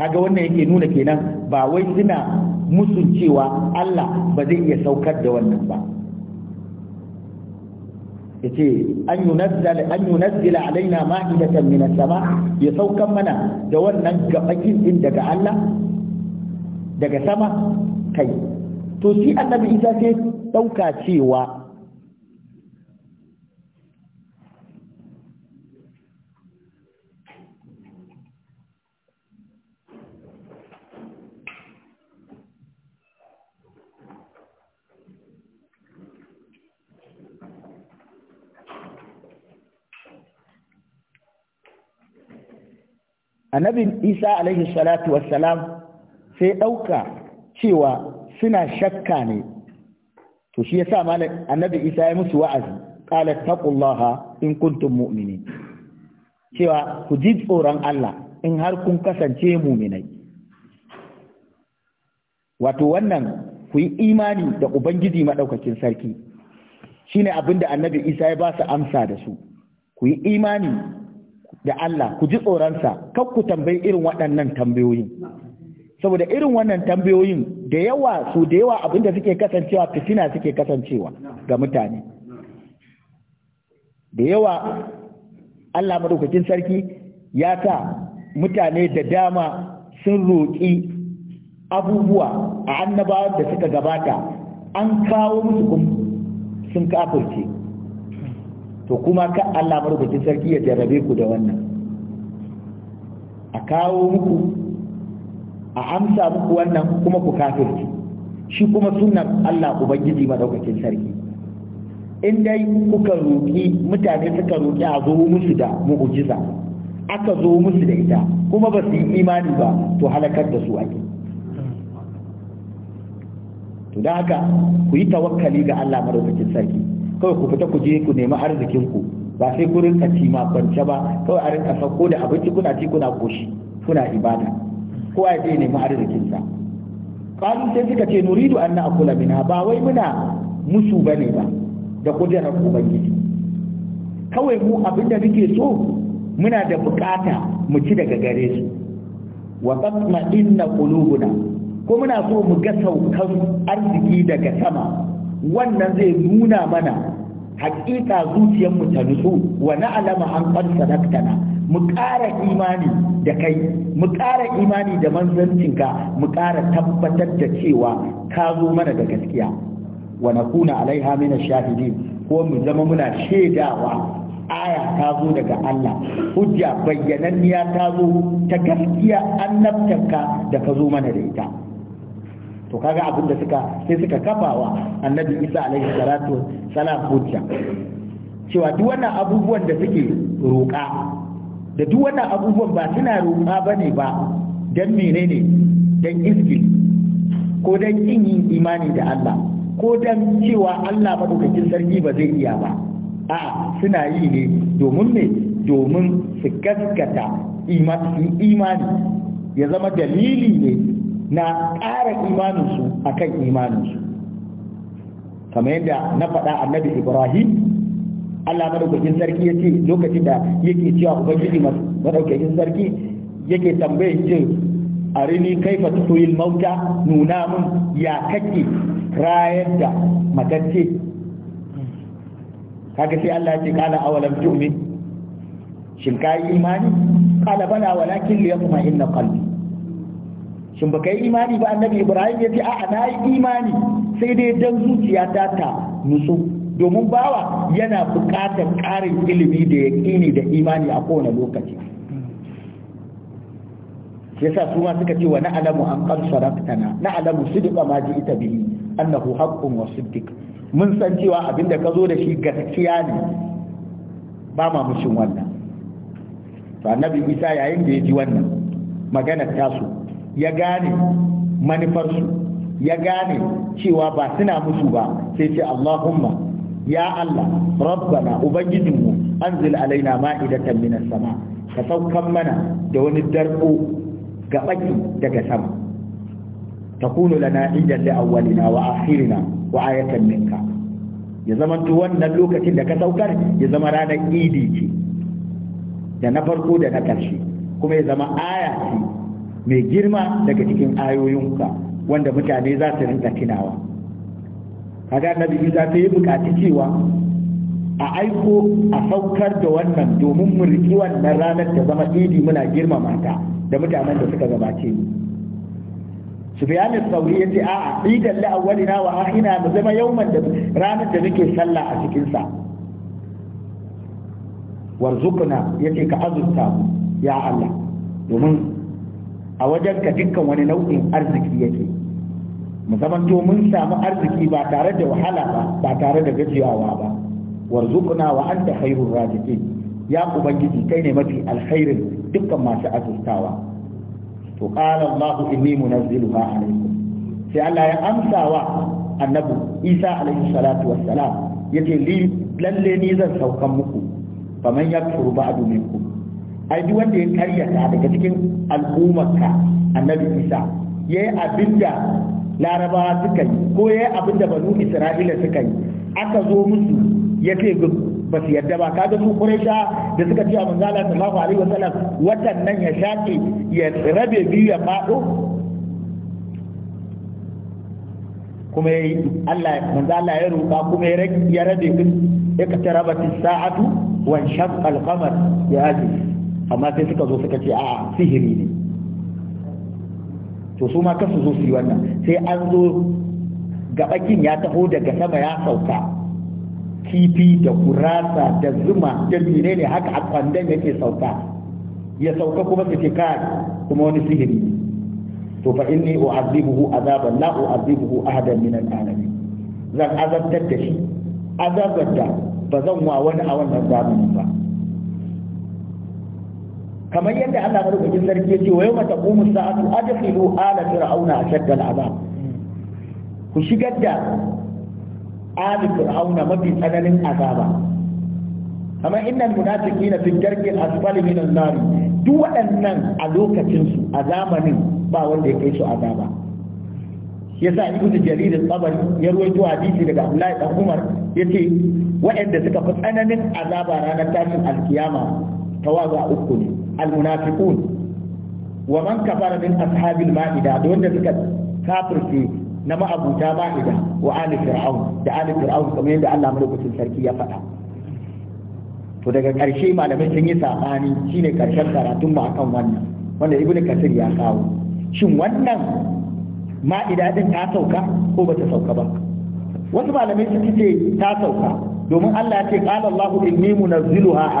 kaga wannan yake nuna kenan ba wai suna musun cewa Allah ba zai iya saukar da wannan ba yace an yunazzal an yunazzila alaina ma'idatan min as-sama ya saukan mana da wannan gabakin din daga Allah daga sama kai to shi annabi Isa sai dauka cewa annabin isa alaihi salatu wassalam sai ɗauka cewa suna shakka ne to shi yasa malam annabi isa ya musu wa'azi qala taqullaha in kuntum mu'minin cewa ku ji tsoron Allah in har kun kasance mu'minai wato wannan ku yi imani da ubangiji madaukakin sarki shine abinda annabi isa ya ba su amsa da su ku yi imani da Allah ku ji tsoronsa kan ku tambayi irin waɗannan tambayoyin saboda irin wannan tambayoyin da yawa su da yawa abinda suke kasancewa fitina suke kasancewa ga mutane da yawa Allah madaukakin sarki ya sa mutane da dama sun roƙi abubuwa a annabawan da suka gabata an kawo musu kuma sun kafirce to kuma ka Allah marubucin sarki ya jarrabe ku da wannan a kawo muku a amsa muku wannan kuma ku kafirci shi kuma sunan Allah ubangiji madaukakin sarki in dai kuka roƙi mutane suka roƙi a zo musu da mu'jiza aka zo musu da ita kuma ba su yi imani ba to halakar da su ake to da haka ku yi tawakkali ga Allah madaukakin sarki kawai ku fita ku je ku nemi arzikin ku ba sai ku rinka ci ma kwance ba kawai a rinka sauko da abinci kuna ci kuna koshi kuna ibada kowa ya je nemi sa qalu sai suka ce nuridu an na'kula mina ba wai muna musu bane ba da kujerar ubangiji kawai mu abinda muke so muna da bukata mu ci daga gare su wa tatma inna qulubuna ko muna so mu ga saukan arziki daga sama wannan zai nuna mana hakika zuciyarmu ta nutsu wa alama an qad sadaktana mu ƙara imani da kai mu ƙara imani da manzancinka mu ƙara tabbatar da cewa ka zo mana da gaskiya wa kuna alaiha min ash-shahidin ko mu zama muna shaidawa aya ta zo daga Allah hujja bayyananniya ta zo ta gaskiya annabtanka da ka zo mana da ita to kaga abin da suka sai suka kafa wa annabi isa alaihi salatu salam hujja cewa duk wannan abubuwan da suke roƙa da duk wannan abubuwan ba suna roƙa bane ba dan menene dan iski ko dan kin yin imani da Allah ko dan cewa Allah madaukakin sarki ba zai iya ba a'a suna yi ne domin ne domin su gaskata imani ya zama dalili ne na ƙara imaninsu a kan imaninsu kamar yadda na faɗa annabi ibrahim allah madaukakin sarki ya ce lokacin da yake cewa ubangiji madaukakin sarki yake tambayin ce kai kaifa soyin mauta nuna mun ya kake rayar da matacce kaga sai allah ce kala awalam tu'min shin kayi imani kala bala walakin liyatma inna qalbi shin baka yi imani ba annabi ibrahim ya ce a'a na yi imani sai dai dan zuciya ta ta nutsu domin bawa yana buƙatar ƙarin ilimi da yaƙini da imani a kowane lokaci yasa su ma suka ce wa alamu an qad na alamu sidqa ma ji ita bihi annahu haqqun wa siddiq mun san cewa abinda ka zo da shi gaskiya ne ba ma mushin wannan to annabi isa yayin da ya ji wannan maganar tasu ya gane manufarsu ya gane cewa ba suna musu ba sai ce Allahumma ya Allah rabbana ubangijinmu anzil alaina ma'idatan minas sama ka saukan mana da wani darbo ga baki daga sama takunu lana idan li awwalina wa akhirina wa ayatan minka ya zama wannan lokacin da ka saukar ya zama ranar idi ce da na farko da na ƙarshe kuma ya zama aya ce mai girma daga cikin ayoyinka wanda mutane za su rinka tunawa kaga annabi Isa ta yi bukaci cewa a aiko a saukar da wannan domin mu riki wannan ranar da zama idi muna girma mata da mutanen da suka gabace mu sauri ya ce a a'a idan la wa Ina mu zama yawman da ranar da muke sallah a cikinsa. sa ya yace ka azurta ya Allah domin a wajen ka dukkan wani nau'in arziki yake mu zamanto mun samu arziki ba tare da wahala ba ba tare da gajiyawa ba warzuqna wa anta khairur raziqin ya ubangiji kai ne mafi alkhairin dukkan masu azurtawa to qala allah inni munazziluha alaykum sai allah ya amsa wa annabi isa alayhi salatu wassalam yace li lalle ni zan saukan muku faman yakfuru ba'du minkum ai duk wanda ya karyata daga cikin al'ummarka annabi isa ya yi abin da larabawa suka yi ko ya yi abin da banu isra'ila suka yi aka zo musu ya ce ba su yadda ba kaga su quraisha da suka ce a Allah sallallahu alaihi wasallam watan nan ya shaƙe ya rabe biyu ya faɗo kuma ya Allah manzo Allah ya roƙa kuma ya ya rabe din ya ka taraba sa'atu wa shaqqal qamar ya aji amma sai suka zo suka ce a sihiri ne to su ma kasu zo su yi wannan sai an zo gabakin ya taho daga sama ya sauka kifi da kurasa da zuma da menene haka a kwandon yake sauka ya sauka kuma su ce ka kuma wani sihiri ne to fa inni u'azibuhu azaban la u'azibuhu ahadan min al-alamin zan azabtar da shi azabar da ba zan wa wani a wannan zamanin ba kamar yadda Allah madaukakin sarki ya ce wa yawma taqumu sa'atu adkhilu ala fir'auna ashadda al'azab ku shigar da ali fir'auna mafi tsananin azaba kamar innal munafiqina fi darki al-asfali min an-nar duk waɗannan a lokacin su a zamanin ba wanda ya kai su azaba yasa ibnu jarir al-tabari ya ruwaito hadisi daga Abdullahi dan Umar yace waɗanda suka fi tsananin azaba ranar tashin alkiyama tawaga uku ne almunafiqun wa man kafara min ashabil ma'ida da wanda suka kafirce na ma'abuta ma'ida wa ali fir'aun da ali fir'aun kamar yadda Allah madaukakin sarki ya faɗa to daga ƙarshe malamai sun yi saɓani shine ƙarshen karatun mu akan wannan wanda ibnu kasir ya kawo shin wannan ma'ida din ta sauka ko ba ta sauka ba wasu malamai suka ce ta sauka domin Allah ya ce qala Allahu inni munazziluha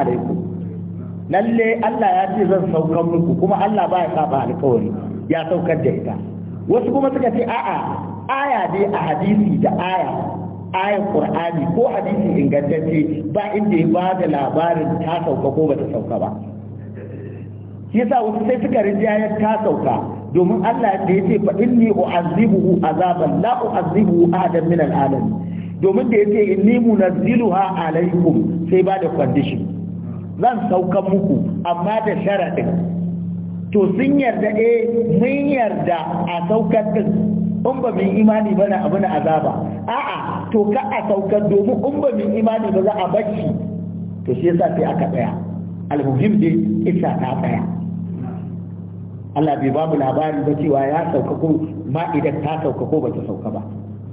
lalle Allah ya ce zan saukar muku kuma Allah ba ya saba alkawari ya saukar da ita wasu kuma suka ce a'a aya dai a hadisi da aya ƙur'ani qur'ani ko hadisi ingantacce ba inda ya bada labarin ta sauka ko bata sauka ba yasa wasu sai suka rijayar ta sauka domin Allah da yace fa inni u'azibuhu azaban la u'azibuhu ahadan min al'alamin domin da yace inni munazziluha alaikum sai ba da condition zan saukan muku amma da sharaɗin to sun yarda e mun yarda a saukar din in ba mun imani ba na abu na azaba a'a to ka a saukar domin in ba mun imani ba za a bacci to shi yasa sai aka tsaya almuhim dai isa ta tsaya Allah bai babu labari ba cewa ya sauka ko ma idan ta sauka ko bata sauka ba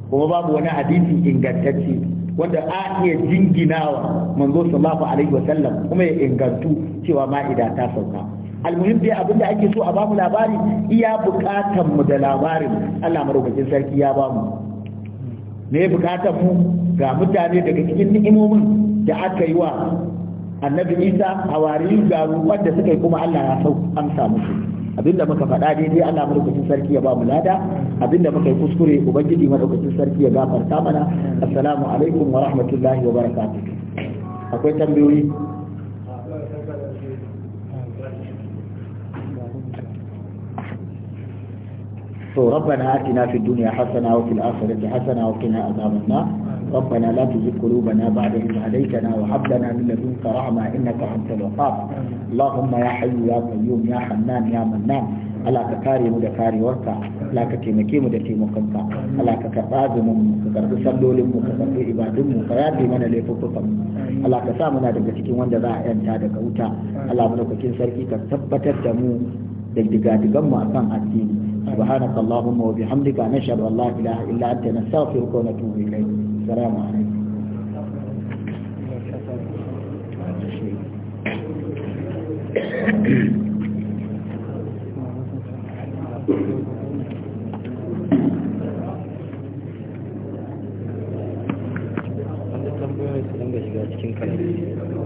kuma babu wani hadisi ingantacce wanda a iya jinginawa manzo sallallahu alaihi wasallam kuma ya ingantu cewa ma'ida ta sauka almuhim dai abin da ake so a bamu labari iya bukatan mu da labarin Allah madaukakin sarki ya bamu me bukatan mu ga mutane daga cikin ni'imomin da aka yi wa annabi Isa hawariyu garu wanda suka yi kuma Allah ya sauka amsa musu abinda muka faɗa daidai Allah madaukakin sarki ya ba mu lada abinda muka yi kuskure ubangiji madaukakin sarki ya gafarta mana assalamu alaikum wa rahmatullahi wa barakatuh akwai tambayoyi to rabbana atina fid dunya hasana wa fil akhirati hasana wa qina adhaban ربنا لا تزغ قلوبنا بعد إذ هديتنا وهب لنا من لدنك رحمة إنك أنت الوهاب اللهم يا حي يا قيوم يا حنان يا منان Allah ka kare mu da karewarka Allah ka taimake mu da taimakonka Allah ka karɓa azumin mu ka karɓi sallolin mu ka karɓi ibadun mu ka yafe mana laifuffukan mu Allah ka sa muna daga cikin wanda za a yanta daga wuta Allah madaukakin sarki ka tabbatar da mu da mu akan addini subhanakallahumma wa na nashhadu an la ilaha illa anta السلام عليكم cikin kalmar